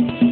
Thank you.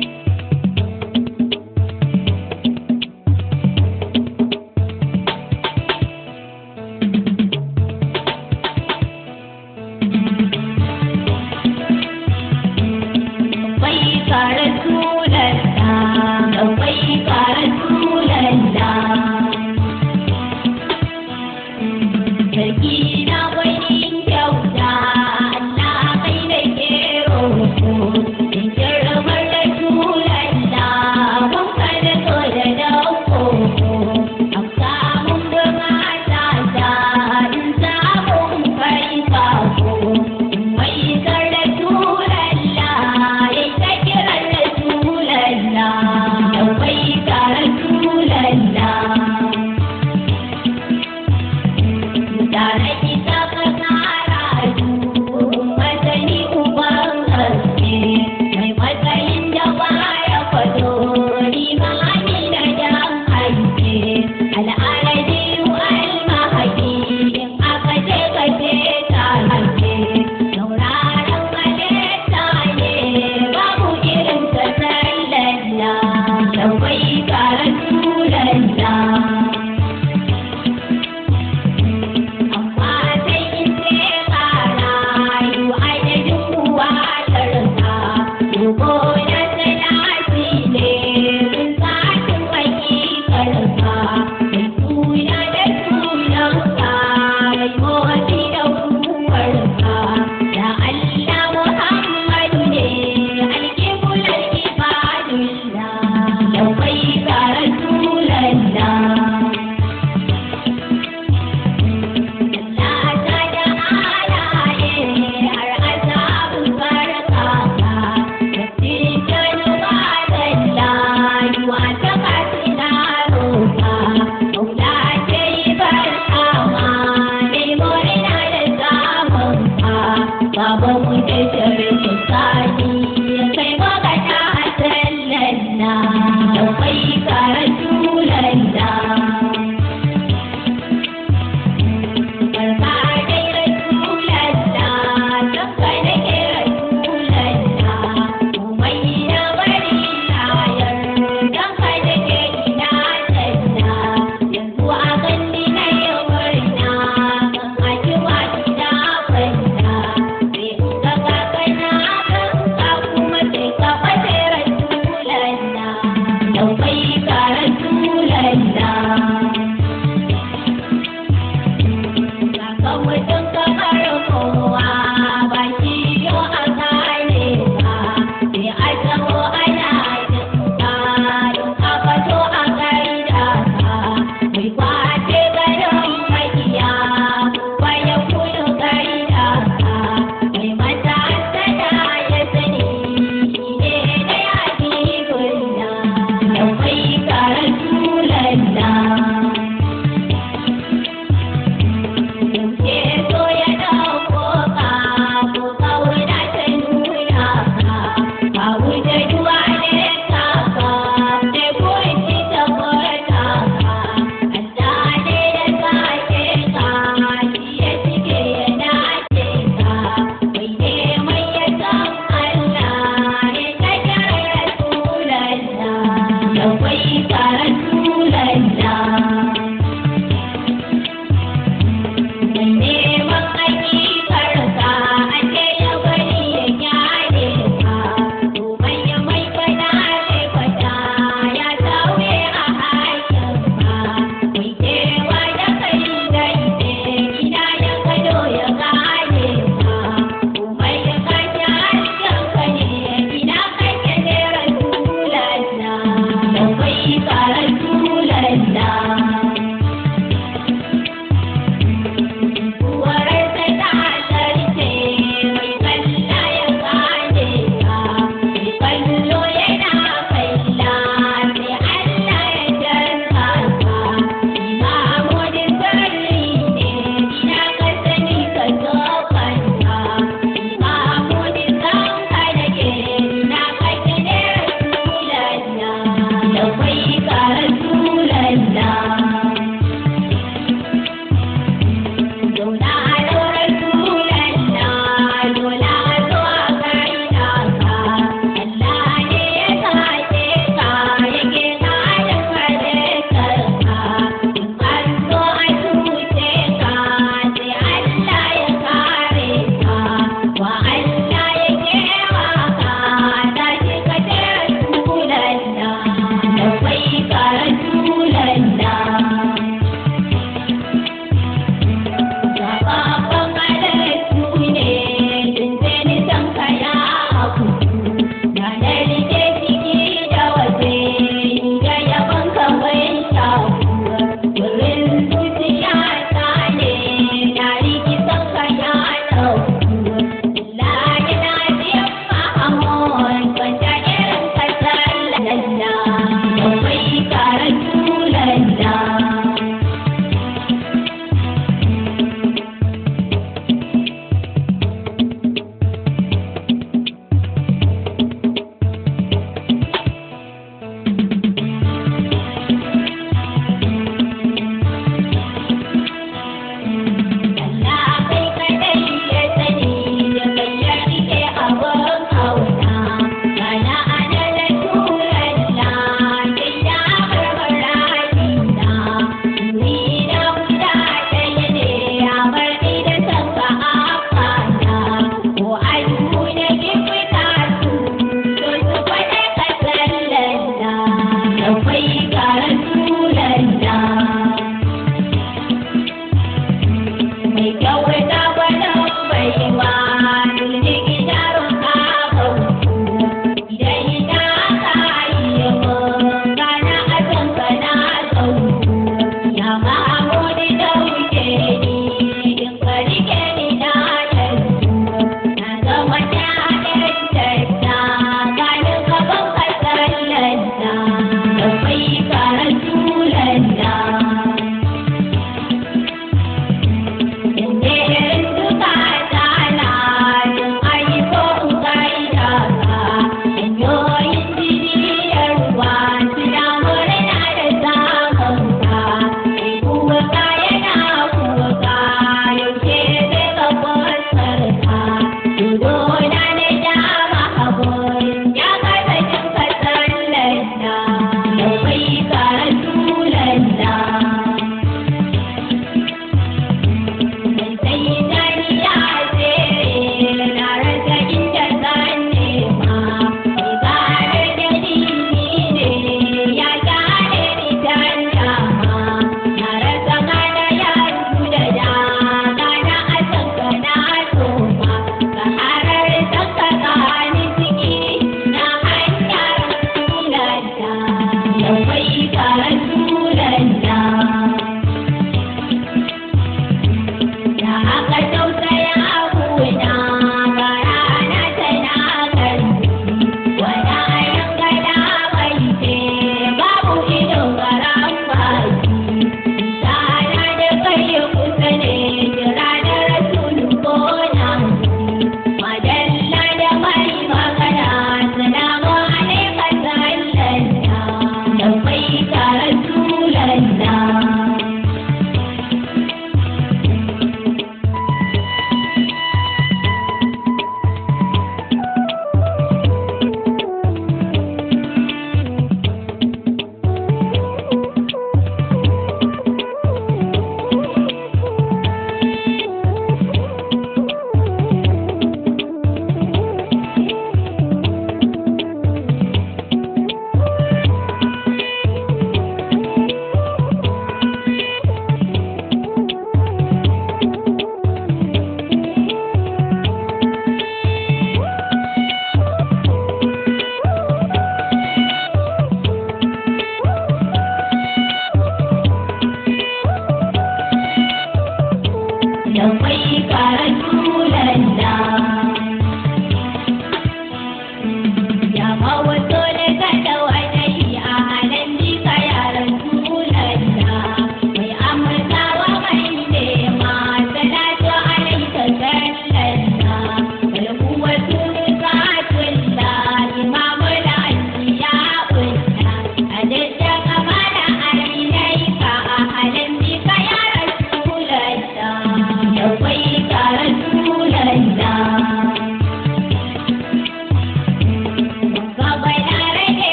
da mai karatu lalla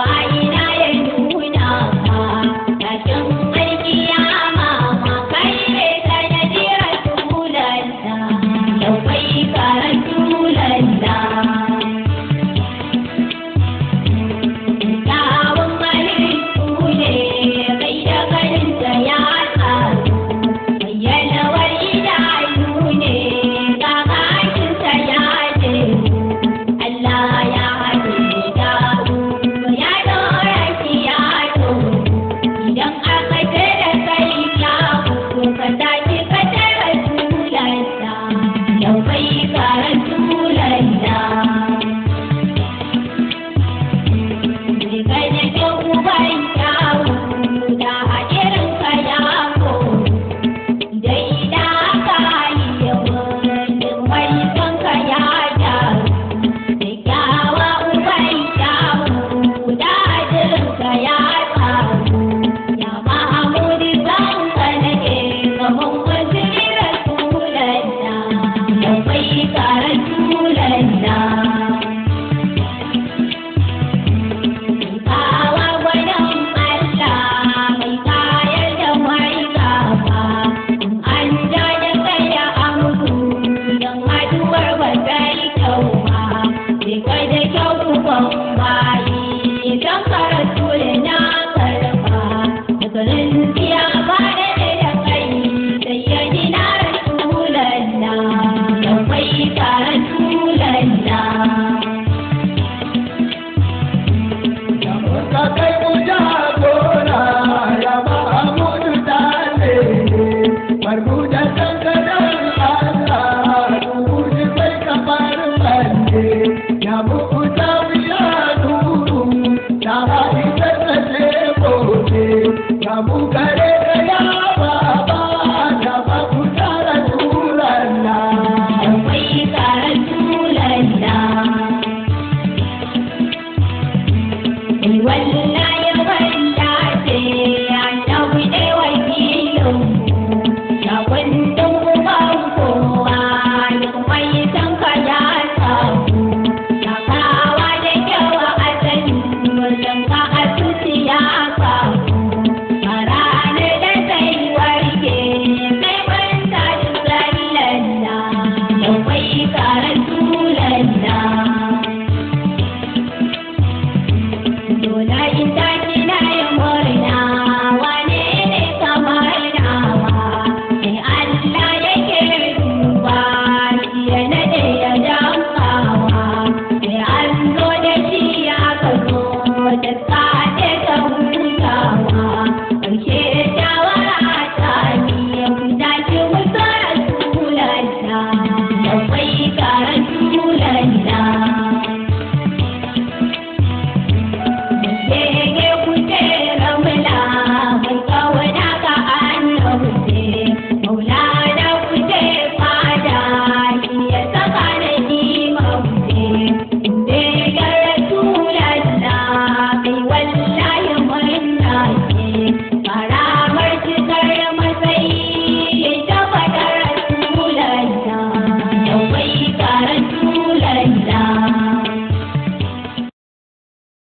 why my